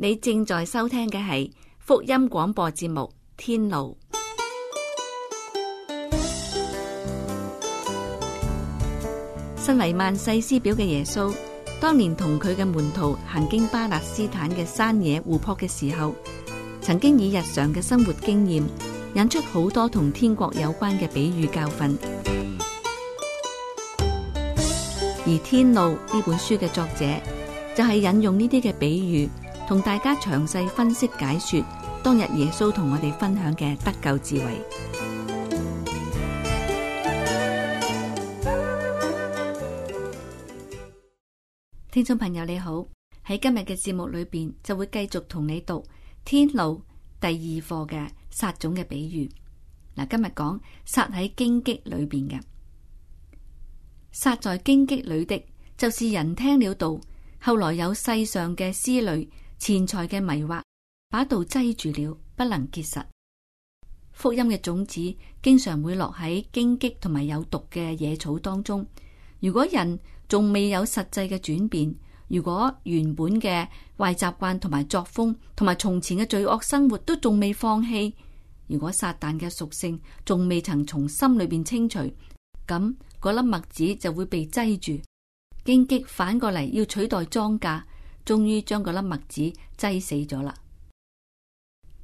你正在收聽嘅係福音廣播節目《天路》。身為萬世師表嘅耶穌，當年同佢嘅門徒行經巴勒斯坦嘅山野湖泊嘅時候，曾經以日常嘅生活經驗引出好多同天國有關嘅比喻教訓。而《天路》呢本書嘅作者就係引用呢啲嘅比喻。同大家詳細分析解說當日耶穌同我哋分享嘅得救智慧。聽眾朋友你好，喺今日嘅節目裏邊就會繼續同你讀天路第二課嘅撒種嘅比喻。嗱，今日講撒喺荊棘裏邊嘅，撒在荊棘裏的就是人聽了道，後來有世上嘅思慮，錢財嘅迷惑，把道擠住了，不能結實。福音嘅種子經常會落喺荊棘同埋有毒嘅野草當中。如果人仲未有實際嘅轉變，如果原本嘅壞習慣同埋作風，同埋從前嘅罪惡生活都仲未放棄，如果撒旦嘅屬性仲未曾從心裏邊清除，咁嗰粒麥子就會被擠住，荊棘反過嚟要取代莊稼。終於將嗰粒麥子擠死咗啦！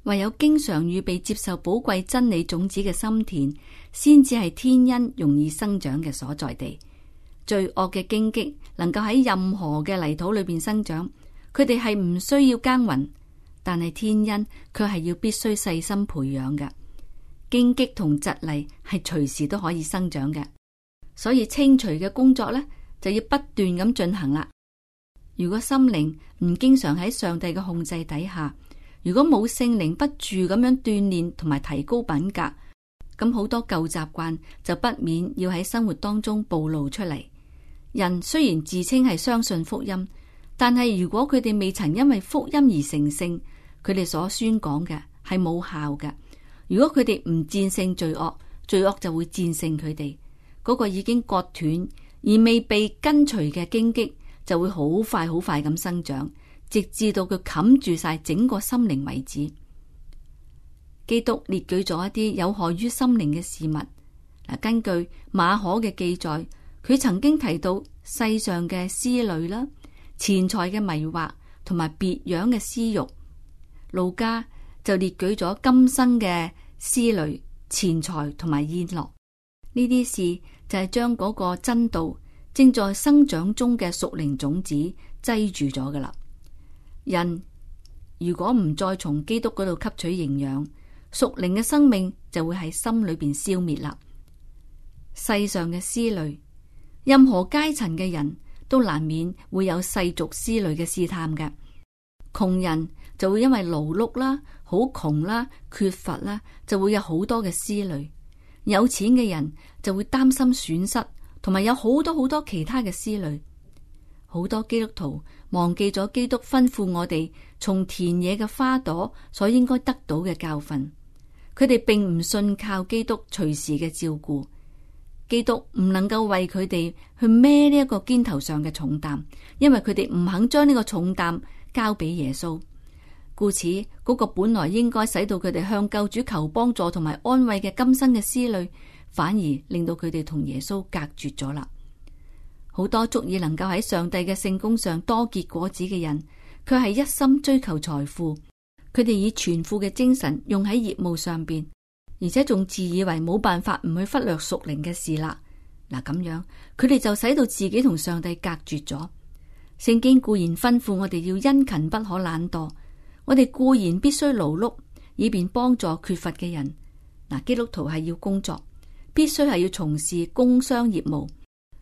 唯有經常預備接受寶貴真理種子嘅心田，先至係天恩容易生長嘅所在地。罪惡嘅荊棘能夠喺任何嘅泥土裏邊生長，佢哋係唔需要耕耘，但係天恩佢係要必須細心培養嘅。荊棘同蒺藜係隨時都可以生長嘅，所以清除嘅工作咧就要不斷咁進行啦。如果心靈唔經常喺上帝嘅控制底下，如果冇聖靈不住咁樣鍛煉同埋提高品格，咁好多舊習慣就不免要喺生活當中暴露出嚟。人雖然自稱係相信福音，但係如果佢哋未曾因為福音而成聖，佢哋所宣講嘅係冇效嘅。如果佢哋唔戰勝罪惡，罪惡就會戰勝佢哋。嗰、那個已經割斷而未被跟隨嘅荊棘，就會好快好快咁生長，直至到佢冚住晒整個心靈為止。基督列舉咗一啲有害於心靈嘅事物。嗱，根據馬可嘅記載，佢曾經提到世上嘅思慮啦、錢財嘅迷惑同埋別樣嘅私欲。路加就列舉咗今生嘅思慮、錢財同埋宴樂呢啲事，就係將嗰個真道，正在生長中嘅屬靈種子，擠住咗㗎喇。人如果唔再從基督嗰度吸取營養，屬靈嘅生命就會喺心裏邊消滅啦。世上嘅思慮，任何階層嘅人都難免會有世俗思慮嘅試探嘅。窮人就會因為勞碌啦、好窮啦、缺乏啦，就會有好多嘅思慮；有錢嘅人就會擔心損失。同埋有好多好多其他嘅思慮，好多基督徒忘記咗基督吩咐我哋從田野嘅花朵所應該得到嘅教訓。佢哋並唔信靠基督隨時嘅照顧，基督唔能夠為佢哋去孭呢一個肩頭上嘅重擔，因為佢哋唔肯將呢個重擔交俾耶穌。故此，嗰個本來應該使到佢哋向救主求幫助同埋安慰嘅今生嘅思慮。反而令到佢哋同耶穌隔絕咗啦。好多足以能夠喺上帝嘅聖工上多結果子嘅人，佢係一心追求財富。佢哋以全副嘅精神用喺業務上邊，而且仲自以為冇辦法唔去忽略屬靈嘅事啦。嗱，咁樣佢哋就使到自己同上帝隔絕咗。聖經固然吩咐我哋要殷勤，不可懶惰。我哋固然必須勞碌，以便幫助缺乏嘅人。嗱，基督徒係要工作。必須係要從事工商業務。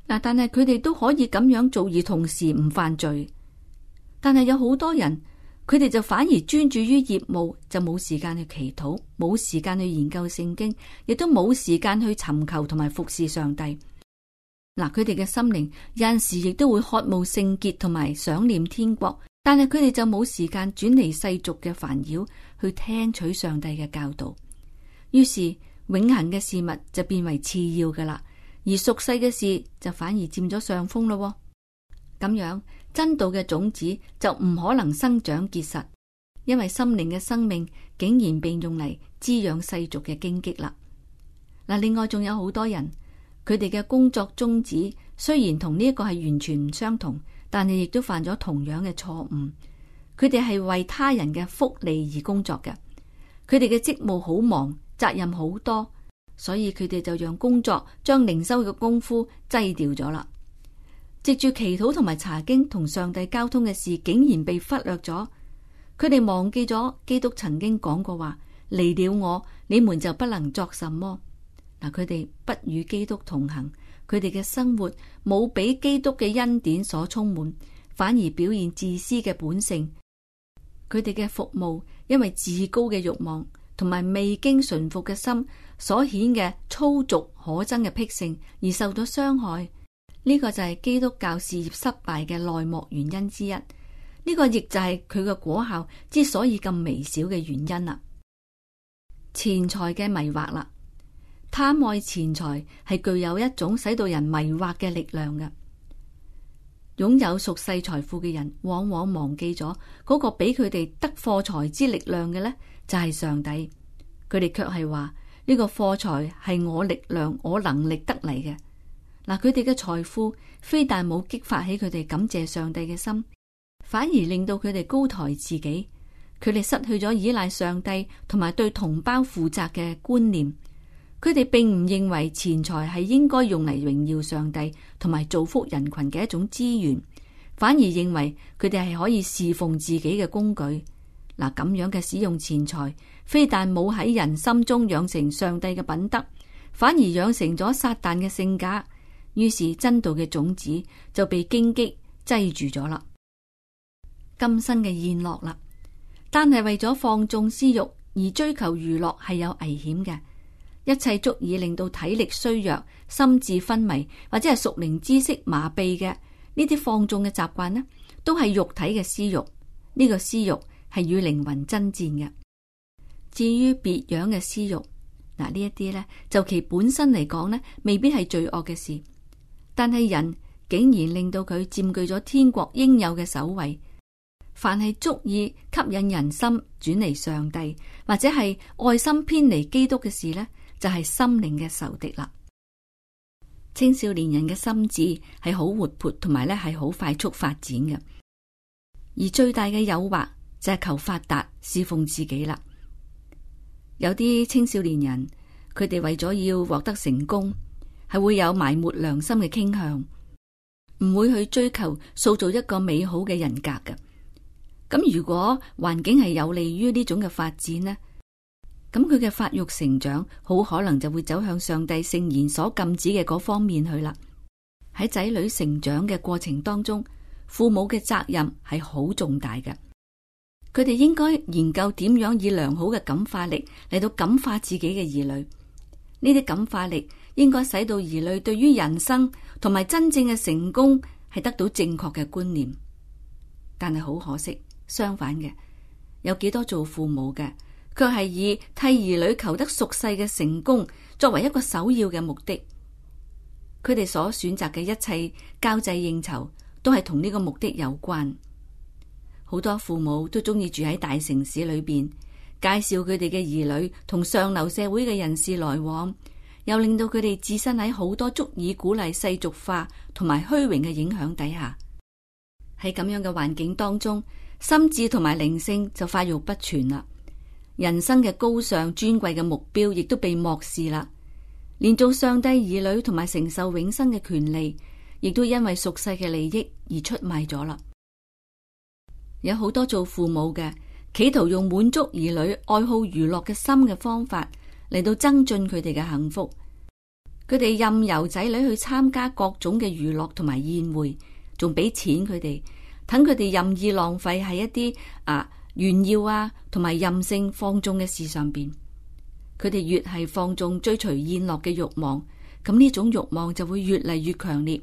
嗱，但係佢哋都可以咁樣做而同時唔犯罪。但係有好多人，佢哋就反而專注於業務，就冇時間去祈禱，冇時間去研究聖經，亦都冇時間去尋求同埋服侍上帝。嗱，佢哋嘅心靈有陣時亦都會渴慕聖潔同埋想念天國，但係佢哋就冇時間轉離世俗嘅煩擾，去聽取上帝嘅教導。於是。永恆嘅事物就變為次要嘅啦，而俗世嘅事就反而佔咗上風咯。咁樣真道嘅種子就唔可能生長結實，因為心靈嘅生命竟然被用嚟滋養世俗嘅荊棘啦。嗱，另外仲有好多人，佢哋嘅工作宗旨雖然同呢個係完全唔相同，但係亦都犯咗同樣嘅錯誤。佢哋係為他人嘅福利而工作嘅，佢哋嘅職務好忙。責任好多，所以佢哋就讓工作將靈修嘅功夫擠掉咗啦。藉住祈禱同埋查經同上帝交通嘅事，竟然被忽略咗。佢哋忘記咗基督曾經講過話：離了我，你們就不能作什麼。嗱，佢哋不與基督同行，佢哋嘅生活冇俾基督嘅恩典所充滿，反而表現自私嘅本性。佢哋嘅服務因為自高嘅欲望同埋未經馴服嘅心所顯嘅粗俗可憎嘅癖性而受咗傷害，呢個就係基督教事業失敗嘅內幕原因之一。呢個亦就係佢嘅果效之所以咁微小嘅原因啦。錢財嘅迷惑啦，貪愛錢財係具有一種使到人迷惑嘅力量嘅。擁有屬世財富嘅人，往往忘記咗嗰個俾佢哋得貨財之力量嘅咧。就係、是、上帝，佢哋卻係話呢個貨財係我力量、我能力得嚟嘅。嗱，佢哋嘅財富非但冇激發起佢哋感謝上帝嘅心，反而令到佢哋高抬自己，佢哋失去咗依賴上帝同埋對同胞負責嘅觀念。佢哋並唔認為錢財係應該用嚟榮耀上帝同埋造福人群嘅一種資源，反而認為佢哋係可以侍奉自己嘅工具。嗱，咁樣嘅使用錢財，非但冇喺人心中養成上帝嘅品德，反而養成咗撒旦嘅性格。於是真道嘅種子就被荊棘擠住咗啦。今生嘅宴落啦，單係為咗放縱私欲而追求娛樂，係有危險嘅。一切足以令到體力衰弱、心智昏迷或者係屬靈知識麻痹嘅呢啲放縱嘅習慣呢，都係肉體嘅私欲。呢、這個私欲。係與靈魂爭戰嘅。至於別樣嘅私欲，嗱，呢一啲咧，就其本身嚟講呢，未必係罪惡嘅事。但係人竟然令到佢佔據咗天國應有嘅首位，凡係足以吸引人心轉離上帝，或者係愛心偏離基督嘅事呢，就係、是、心靈嘅仇敵啦。青少年人嘅心智係好活潑，同埋咧係好快速發展嘅，而最大嘅誘惑。即係求發達侍奉自己啦。有啲青少年人，佢哋為咗要獲得成功，係會有埋沒良心嘅傾向，唔會去追求塑造一個美好嘅人格嘅。咁如果環境係有利於呢種嘅發展呢，咁佢嘅發育成長好可能就會走向上帝聖賢所禁止嘅嗰方面去啦。喺仔女成長嘅過程當中，父母嘅責任係好重大嘅。佢哋應該研究點樣以良好嘅感化力嚟到感化自己嘅兒女。呢啲感化力應該使到兒女對於人生同埋真正嘅成功係得到正確嘅觀念。但係好可惜，相反嘅，有幾多做父母嘅，卻係以替兒女求得俗世嘅成功作為一個首要嘅目的。佢哋所選擇嘅一切交際應酬，都係同呢個目的有關。好多父母都中意住喺大城市裏邊，介紹佢哋嘅兒女同上流社會嘅人士來往，又令到佢哋置身喺好多足以鼓勵世俗化同埋虛榮嘅影響底下。喺咁樣嘅環境當中，心智同埋靈性就發育不全啦。人生嘅高尚、尊貴嘅目標亦都被漠視啦。連做上帝兒女同埋承受永生嘅權利，亦都因為俗世嘅利益而出賣咗啦。有好多做父母嘅企圖用滿足兒女愛好娛樂嘅心嘅方法嚟到增進佢哋嘅幸福。佢哋任由仔女去參加各種嘅娛樂同埋宴會，仲俾錢佢哋，等佢哋任意浪費喺一啲啊炫耀啊同埋任性放縱嘅事上邊。佢哋越係放縱追隨宴樂嘅欲望，咁呢種欲望就會越嚟越強烈。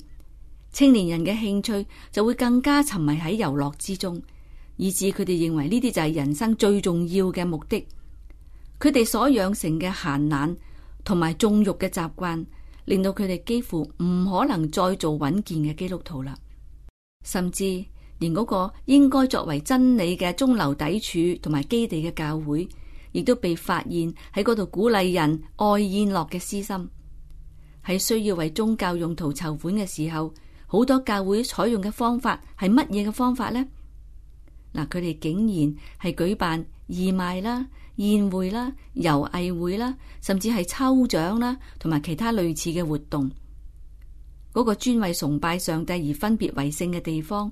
青年人嘅興趣就會更加沉迷喺遊樂之中。以致佢哋認為呢啲就係人生最重要嘅目的。佢哋所養成嘅閒懶同埋縱慾嘅習慣，令到佢哋幾乎唔可能再做穩健嘅基督徒啦。甚至連嗰個應該作為真理嘅中流砥柱同埋基地嘅教會，亦都被發現喺嗰度鼓勵人愛宴樂嘅私心。喺需要為宗教用途籌款嘅時候，好多教會採用嘅方法係乜嘢嘅方法呢？嗱，佢哋竟然係舉辦義賣啦、宴會啦、遊藝會啦，甚至係抽獎啦，同埋其他類似嘅活動。嗰個專為崇拜上帝而分別為聖嘅地方，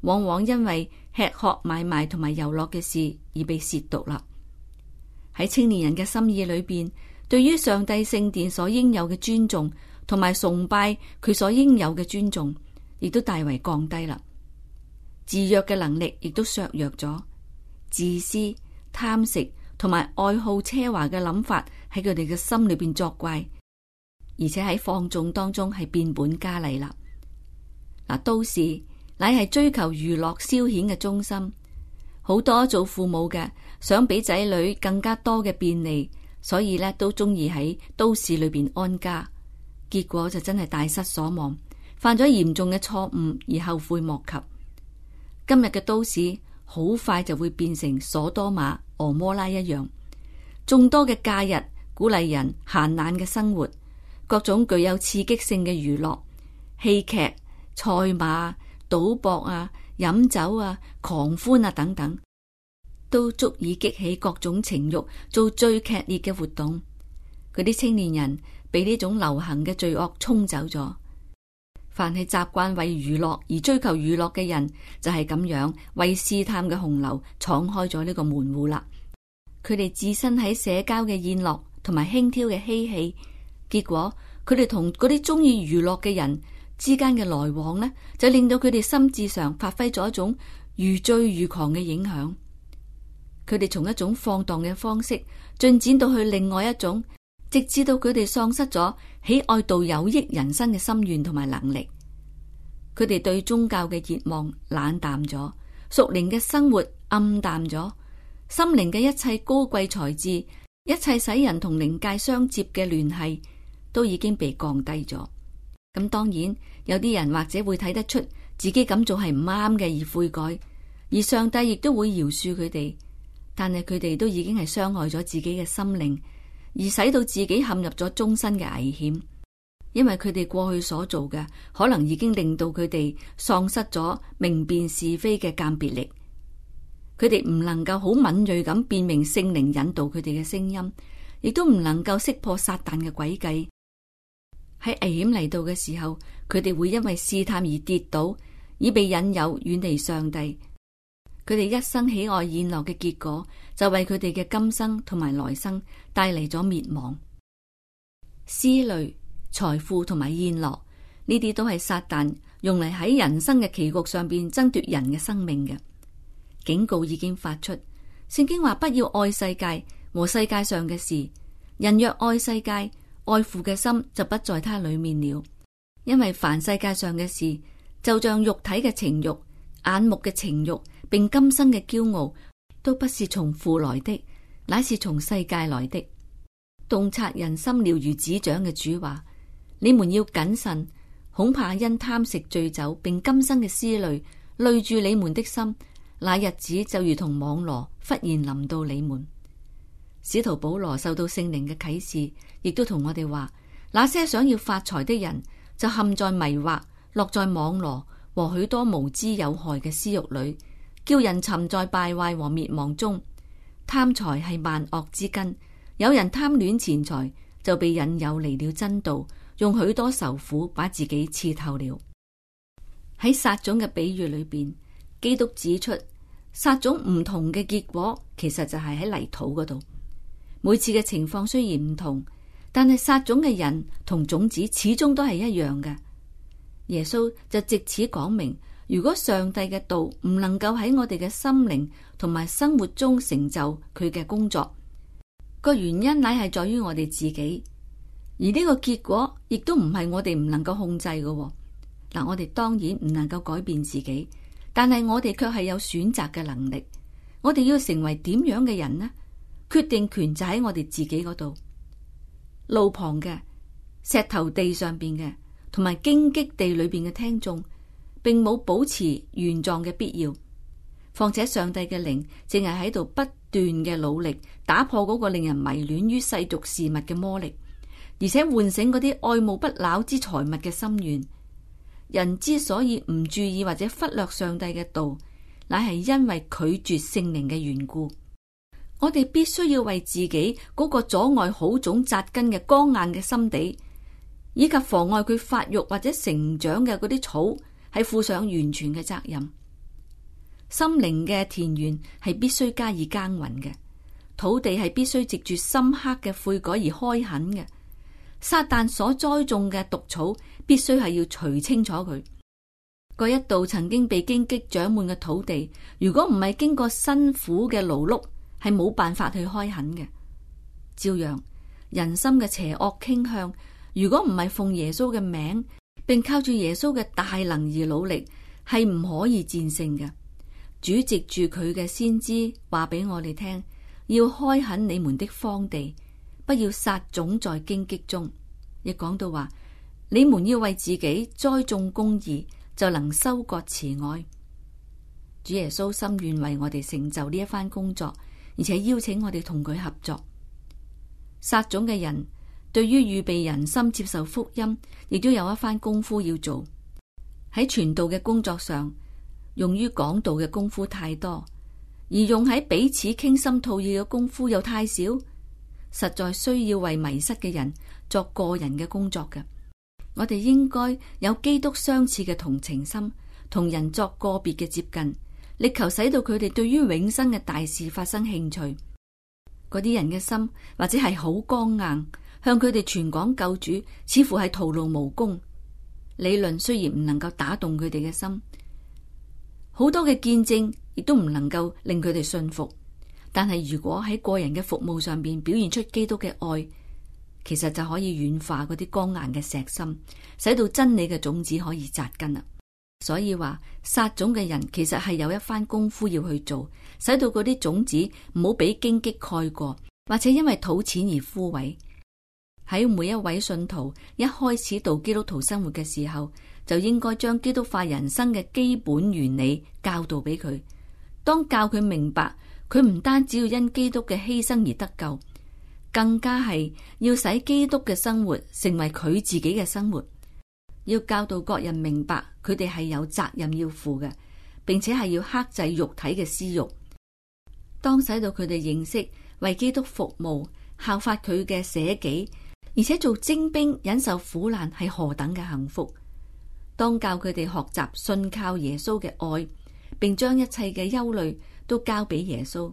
往往因為吃喝買賣同埋遊樂嘅事而被褻瀆啦。喺青年人嘅心意裏邊，對於上帝聖殿所應有嘅尊重，同埋崇拜佢所應有嘅尊重，亦都大為降低啦。自弱嘅能力亦都削弱咗，自私、貪食同埋愛好奢華嘅諗法喺佢哋嘅心裏邊作怪，而且喺放縱當中係變本加厲啦。嗱，都市乃係追求娛樂消遣嘅中心，好多做父母嘅想俾仔女更加多嘅便利，所以咧都中意喺都市裏邊安家，結果就真係大失所望，犯咗嚴重嘅錯誤而後悔莫及。今日嘅都市好快就會變成所多瑪、俄摩拉一樣。眾多嘅假日鼓勵人閒懶嘅生活，各種具有刺激性嘅娛樂、戲劇、賽馬、賭博啊、飲酒啊、狂歡啊等等，都足以激起各種情慾，做最劇烈嘅活動。嗰啲青年人被呢種流行嘅罪惡沖走咗。凡係習慣為娛樂而追求娛樂嘅人，就係咁樣為試探嘅洪流敞開咗呢個門戶啦。佢哋置身喺社交嘅宴樂同埋輕佻嘅嬉戲、戲，結果佢哋同嗰啲中意娛樂嘅人之間嘅來往呢，就令到佢哋心智上發揮咗一種如醉如狂嘅影響。佢哋從一種放蕩嘅方式，進展到去另外一種。直至到佢哋喪失咗喜愛到有益人生嘅心願同埋能力，佢哋對宗教嘅熱望冷淡咗，屬靈嘅生活暗淡咗，心靈嘅一切高貴才智、一切使人同靈界相接嘅聯繫，都已經被降低咗。咁當然有啲人或者會睇得出自己咁做係唔啱嘅而悔改，而上帝亦都會饒恕佢哋，但係佢哋都已經係傷害咗自己嘅心靈，而使到自己陷入咗終身嘅危險，因為佢哋過去所做嘅，可能已經令到佢哋喪失咗明辨是非嘅鑑別力。佢哋唔能夠好敏銳咁辨明聖靈引導佢哋嘅聲音，亦都唔能夠識破撒旦嘅詭計。喺危險嚟到嘅時候，佢哋會因為試探而跌倒，而被引誘遠離上帝。佢哋一生喜愛宴樂嘅結果，就為佢哋嘅今生同埋來生帶嚟咗滅亡。思慮、財富同埋宴樂呢啲都係撒旦用嚟喺人生嘅棋局上邊爭奪人嘅生命嘅。警告已經發出。聖經話：不要愛世界和世界上嘅事，人若愛世界，愛父嘅心就不在他裏面了。因為凡世界上嘅事，就像肉體嘅情欲、眼目嘅情欲。並今生嘅驕傲都不是從父來的，乃是從世界來的。洞察人心了如指掌嘅主話：你們要謹慎，恐怕因貪食醉酒，並今生嘅思慮累住你們的心，那日子就如同網羅忽然臨到你們。使徒保羅受到聖靈嘅啟示，亦都同我哋話：那些想要發財的人就陷在迷惑，落在網羅和許多無知有害嘅私欲裏。叫人沉在敗壞和滅亡中，貪財係萬惡之根。有人貪戀錢財，就被引誘離了真道，用許多愁苦把自己刺透了。喺撒種嘅比喻裏邊，基督指出撒種唔同嘅結果，其實就係喺泥土嗰度。每次嘅情況雖然唔同，但係撒種嘅人同種子始終都係一樣嘅。耶穌就借此講明。如果上帝嘅道唔能夠喺我哋嘅心靈同埋生活中成就佢嘅工作，個原因乃係在於我哋自己，而呢個結果亦都唔係我哋唔能夠控制嘅。嗱，我哋當然唔能夠改變自己，但係我哋却係有選擇嘅能力。我哋要成為點樣嘅人呢？決定權就喺我哋自己嗰度。路旁嘅，石頭地上邊嘅，同埋荊棘地裏邊嘅聽眾。並冇保持原狀嘅必要，況且上帝嘅靈正係喺度不斷嘅努力打破嗰個令人迷戀於世俗事物嘅魔力，而且喚醒嗰啲愛慕不老之財物嘅心願。人之所以唔注意或者忽略上帝嘅道，乃係因為拒絕聖靈嘅緣故。我哋必須要為自己嗰個阻礙好種扎根嘅剛硬嘅心地，以及妨礙佢發育或者成長嘅嗰啲草，係負上完全嘅責任，心靈嘅田園係必須加以耕耘嘅，土地係必須藉住深刻嘅悔改而開墾嘅，撒旦所栽種嘅毒草必須係要除清楚佢。嗰一度曾經被荊棘長滿嘅土地，如果唔係經過辛苦嘅勞碌，係冇辦法去開墾嘅。照樣，人心嘅邪惡傾向，如果唔係奉耶穌嘅名，並靠住耶穌嘅大能而努力，係唔可以戰勝嘅。主藉住佢嘅先知話俾我哋聽，要開墾你們的荒地，不要撒種在荊棘中。亦講到話，你們要為自己栽種公義，就能收割慈愛。主耶穌心願為我哋成就呢一番工作，而且邀請我哋同佢合作。撒種嘅人。對於預備人心接受福音，亦都有一番功夫要做。喺傳道嘅工作上，用於講道嘅功夫太多，而用喺彼此傾心吐意嘅功夫又太少，實在需要為迷失嘅人作個人嘅工作嘅。我哋應該有基督相似嘅同情心，同人作個別嘅接近，力求使到佢哋對於永生嘅大事發生興趣。嗰啲人嘅心或者係好光硬。向佢哋傳講救主，似乎係徒勞無功。理論雖然唔能夠打動佢哋嘅心，好多嘅見證亦都唔能夠令佢哋信服。但係如果喺個人嘅服務上邊表現出基督嘅愛，其實就可以軟化嗰啲剛硬嘅石心，使到真理嘅種子可以扎根。所以話殺種嘅人，其實係有一番功夫要去做，使到嗰啲種子唔好俾荊棘蓋過，或者因為土淺，而枯萎。喺每一位信徒一開始到基督徒生活嘅時候，就應該將基督化人生嘅基本原理教導俾佢。當教佢明白佢唔單只要因基督嘅犧牲而得救，更加係要使基督嘅生活成為佢自己嘅生活。要教導各人明白佢哋係有責任要負嘅，並且係要克制肉體嘅私欲。當使到佢哋認識為基督服務、效法佢嘅捨己。而且做精兵忍受苦難係何等嘅幸福，當教佢哋學習信靠耶穌嘅愛，並將一切嘅憂慮都交俾耶穌，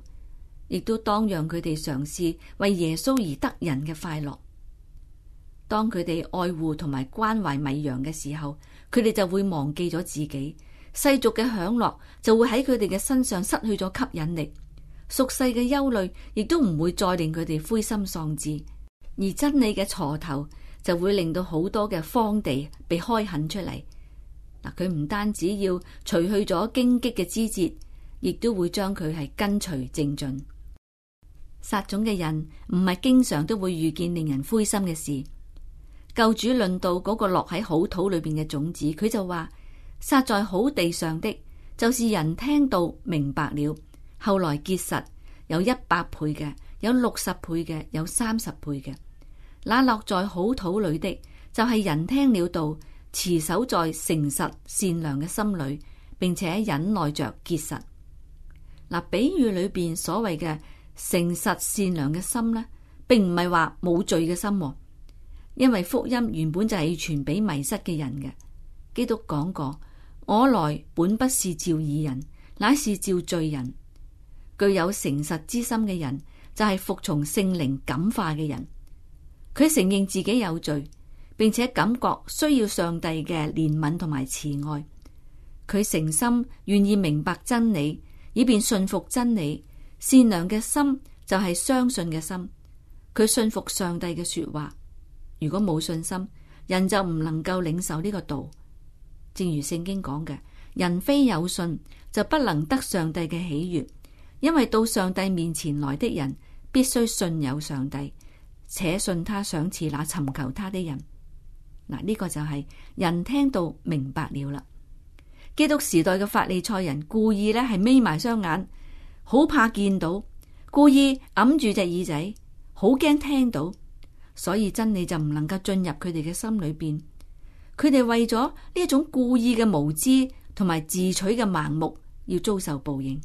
亦都當讓佢哋嘗試為耶穌而得人嘅快樂。當佢哋愛護同埋關懷米羊嘅時候，佢哋就會忘記咗自己，世俗嘅享樂就會喺佢哋嘅身上失去咗吸引力，俗世嘅憂慮亦都唔會再令佢哋灰心喪志。而真理嘅鋤頭就會令到好多嘅荒地被開墾出嚟。嗱，佢唔單止要除去咗荊棘嘅枝節，亦都會將佢係根除正盡。撒種嘅人唔係經常都會遇見令人灰心嘅事。救主論到嗰個落喺好土裏邊嘅種子，佢就話：撒在好地上的，就是人聽到明白了，後來結實有一百倍嘅。有六十倍嘅，有三十倍嘅。那落在好土裏的，就係、是、人聽了道，持守在誠實善良嘅心裏，並且忍耐着結實。嗱，比喻裏邊所謂嘅誠實善良嘅心呢，並唔係話冇罪嘅心，因為福音原本就係傳俾迷失嘅人嘅。基督講過：我來本不是召義人，乃是召罪人。具有誠實之心嘅人。就係、是、服從聖靈感化嘅人，佢承認自己有罪，並且感覺需要上帝嘅憐憫同埋慈愛。佢誠心願意明白真理，以便信服真理。善良嘅心就係相信嘅心。佢信服上帝嘅說話。如果冇信心，人就唔能夠領受呢個道。正如聖經講嘅，人非有信就不能得上帝嘅喜悅。因為到上帝面前來的人，必須信有上帝，且信他賞賜那尋求他的人。嗱，呢個就係人聽到明白了。基督時代嘅法利賽人故意呢係眯埋雙眼，好怕見到，故意揞住隻耳仔，好驚聽到，所以真理就唔能夠進入佢哋嘅心裏邊。佢哋為咗呢種故意嘅無知同埋自取嘅盲目，要遭受報應。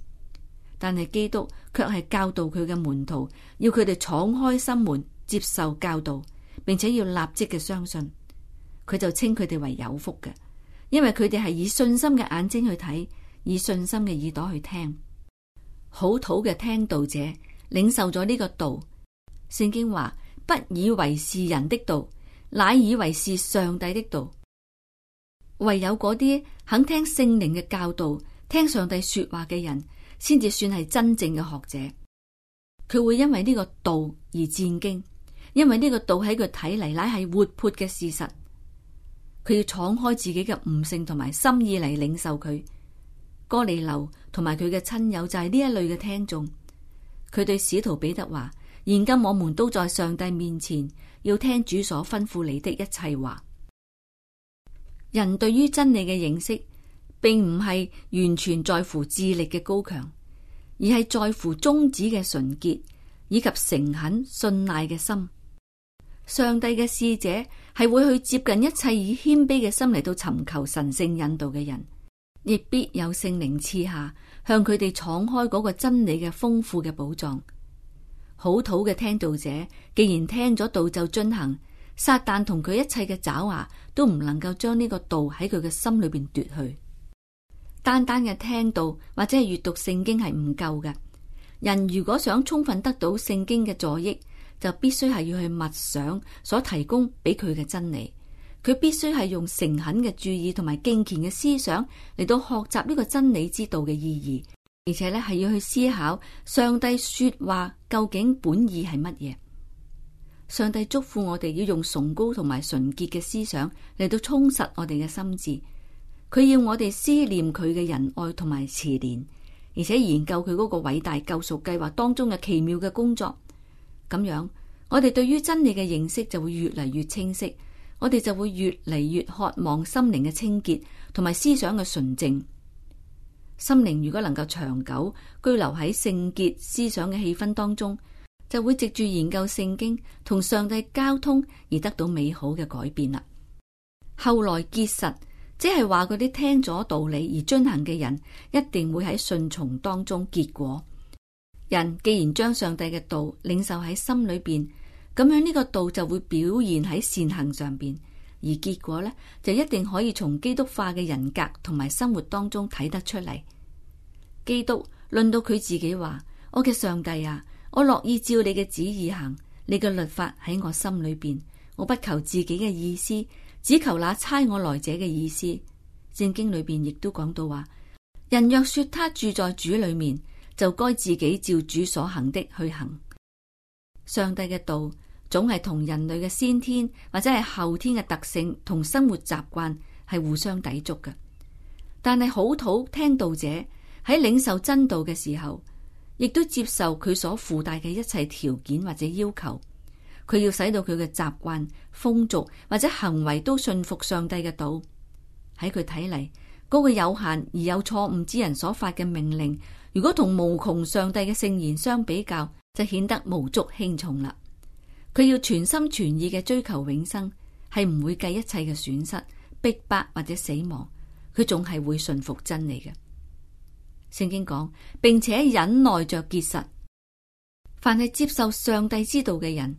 但係基督卻係教導佢嘅門徒，要佢哋敞開心門接受教導，並且要立即嘅相信。佢就稱佢哋為有福嘅，因為佢哋係以信心嘅眼睛去睇，以信心嘅耳朵去聽。好土嘅聽道者，領受咗呢個道。聖經話，不以為是人的道，乃以為是上帝的道。唯有嗰啲肯聽聖靈嘅教導，聽上帝說話嘅人。先至算係真正嘅學者，佢會因為呢個道而戰驚，因為呢個道喺佢睇嚟，乃係活潑嘅事實。佢要敞開自己嘅悟性同埋心意嚟領受佢。哥尼流同埋佢嘅親友就係呢一類嘅聽眾。佢對使徒彼得話：現今我們都在上帝面前，要聽主所吩咐你的一切話。人對於真理嘅認識，並唔係完全在乎智力嘅高強，而係在乎宗旨嘅純潔以及誠懇信賴嘅心。上帝嘅使者係會去接近一切以謙卑嘅心嚟到尋求神聖引導嘅人，亦必有聖靈賜下向佢哋敞開嗰個真理嘅豐富嘅寶藏。好土嘅聽道者，既然聽咗道就遵行，撒旦同佢一切嘅爪牙都唔能夠將呢個道喺佢嘅心裏邊奪去。單單嘅聽到或者係閱讀聖經係唔夠嘅。人如果想充分得到聖經嘅助益，就必須係要去默想所提供俾佢嘅真理。佢必須係用誠懇嘅注意同埋敬虔嘅思想嚟到學習呢個真理之道嘅意義，而且咧係要去思考上帝說話究竟本意係乜嘢。上帝祝福我哋要用崇高同埋純潔嘅思想嚟到充實我哋嘅心智。佢要我哋思念佢嘅仁愛同埋慈憐，而且研究佢嗰個偉大救贖計劃當中嘅奇妙嘅工作。咁樣，我哋對於真理嘅認識就會越嚟越清晰，我哋就會越嚟越渴望心靈嘅清潔同埋思想嘅純正。心靈如果能夠長久居留喺聖潔思想嘅氣氛當中，就會藉住研究聖經同上帝交通而得到美好嘅改變啦。後來結實。即係話嗰啲聽咗道理而遵行嘅人，一定會喺順從當中結果。人既然將上帝嘅道領受喺心裏邊，咁樣呢個道就會表現喺善行上邊，而結果呢，就一定可以從基督化嘅人格同埋生活當中睇得出嚟。基督論到佢自己話：「我嘅上帝啊，我樂意照你嘅旨意行，你嘅律法喺我心裏邊，我不求自己嘅意思。只求那差我來者嘅意思。聖經裏邊亦都講到話，人若說他住在主裏面，就該自己照主所行的去行。上帝嘅道總係同人類嘅先天或者係後天嘅特性同生活習慣係互相抵觸嘅。但係好土聽道者喺領受真道嘅時候，亦都接受佢所附帶嘅一切條件或者要求。佢要使到佢嘅習慣、風俗或者行為都信服上帝嘅道。喺佢睇嚟，嗰個有限而有錯誤之人所發嘅命令，如果同無窮上帝嘅聖言相比較，就顯得無足輕重啦。佢要全心全意嘅追求永生，係唔會計一切嘅損失、逼迫或者死亡。佢總係會信服真理嘅。聖經講，並且忍耐着結實。凡係接受上帝之道嘅人，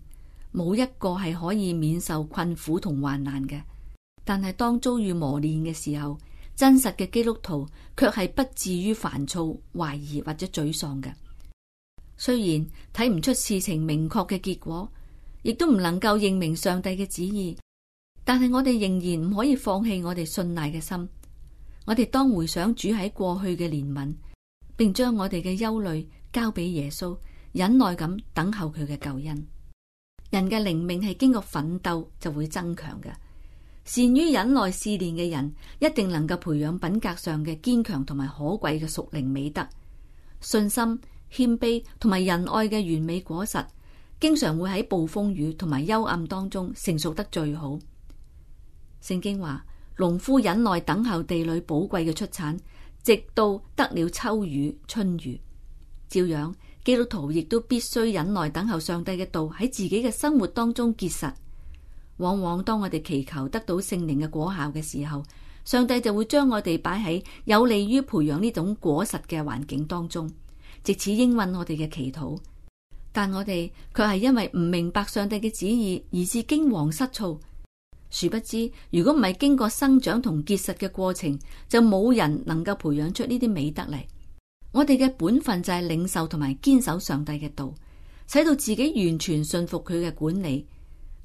冇一個係可以免受困苦同患難嘅，但係當遭遇磨練嘅時候，真實嘅基督徒卻係不至於煩躁、懷疑或者沮喪嘅。雖然睇唔出事情明確嘅結果，亦都唔能夠認明上帝嘅旨意，但係我哋仍然唔可以放棄我哋信賴嘅心。我哋當回想主喺過去嘅憐憫，並將我哋嘅憂慮交俾耶穌，忍耐咁等候佢嘅救恩。人嘅靈命係經過奮鬥就會增強嘅，善於忍耐試煉嘅人一定能夠培養品格上嘅堅強同埋可貴嘅屬靈美德，信心謙卑同埋仁愛嘅完美果實，經常會喺暴風雨同埋幽暗當中成熟得最好。聖經話：農夫忍耐等候地裏寶貴嘅出產，直到得了秋雨春雨，照樣。基督徒亦都必須忍耐等候上帝嘅道喺自己嘅生活當中結實。往往當我哋祈求得到聖靈嘅果效嘅時候，上帝就會將我哋擺喺有利於培養呢種果實嘅環境當中，借此應允我哋嘅祈禱。但我哋卻係因為唔明白上帝嘅旨意，以致驚惶失措。殊不知，如果唔係經過生長同結實嘅過程，就冇人能夠培養出呢啲美德嚟。我哋嘅本分就係領受同埋堅守上帝嘅道，使到自己完全信服佢嘅管理。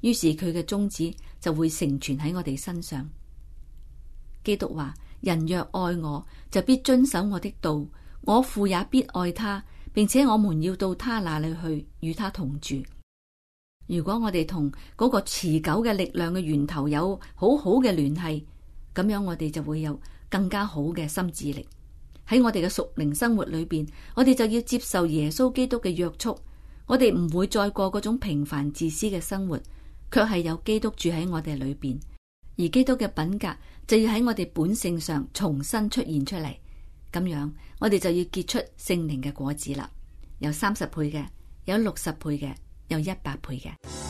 於是佢嘅宗旨就會成全喺我哋身上。基督話：人若愛我，就必遵守我的道；我父也必愛他，並且我們要到他那裡去，與他同住。如果我哋同嗰個持久嘅力量嘅源頭有好好嘅聯繫，咁樣我哋就會有更加好嘅心智力。喺我哋嘅屬靈生活裏邊，我哋就要接受耶穌基督嘅約束，我哋唔會再過嗰種平凡自私嘅生活，卻係有基督住喺我哋裏邊，而基督嘅品格就要喺我哋本性上重新出現出嚟，咁樣我哋就要結出聖靈嘅果子啦，有三十倍嘅，有六十倍嘅，有一百倍嘅。